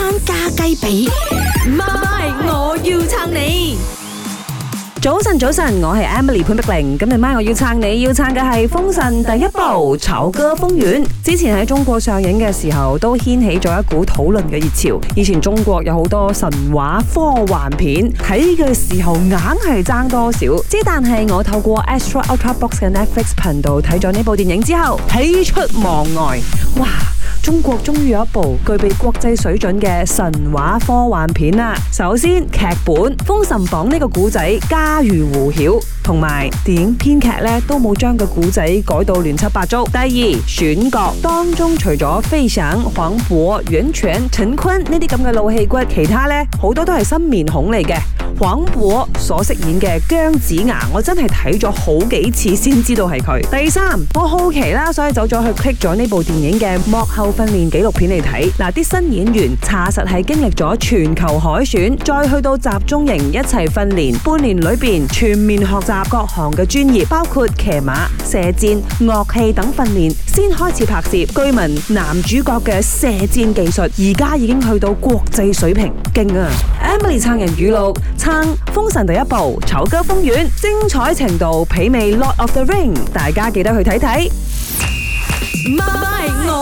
餐加雞髀，MY，Bye. 我要撐你！早晨，早晨，我係 Emily 潘碧玲，今日 MY 我要撐你，要撐嘅係封神第一部《朝歌風雲》。之前喺中國上映嘅時候，都掀起咗一股討論嘅熱潮。以前中國有好多神話科幻片，睇嘅時候硬係爭多少。之但係我透過 Astro Ultra Box 嘅 Netflix 頻道睇咗呢部電影之後，喜出望外，哇！中國終於有一部具備國際水準嘅神話科幻片啦。首先，劇本《封神榜》呢個古仔家喻戶曉，同埋電影編劇呢都冇將個古仔改到亂七八糟。第二，選角當中除咗費翔、黃渤、袁泉、陳坤呢啲咁嘅老戲骨，其他呢好多都係新面孔嚟嘅。黃渤所飾演嘅姜子牙，我真係睇咗好幾次先知道係佢。第三，我好奇啦，所以走咗去 click 咗呢部電影嘅幕後。訓練紀錄片嚟睇，嗱啲新演員查實係經歷咗全球海選，再去到集中營一齊訓練，半年裏邊全面學習各行嘅專業，包括騎馬、射箭、樂器等訓練，先開始拍攝。據聞男主角嘅射箭技術，而家已經去到國際水平，勁啊！Emily 撐人語錄撐《封神》第一部《朝歌風雲》，精彩程度媲美《Lord of the Ring》，大家記得去睇睇。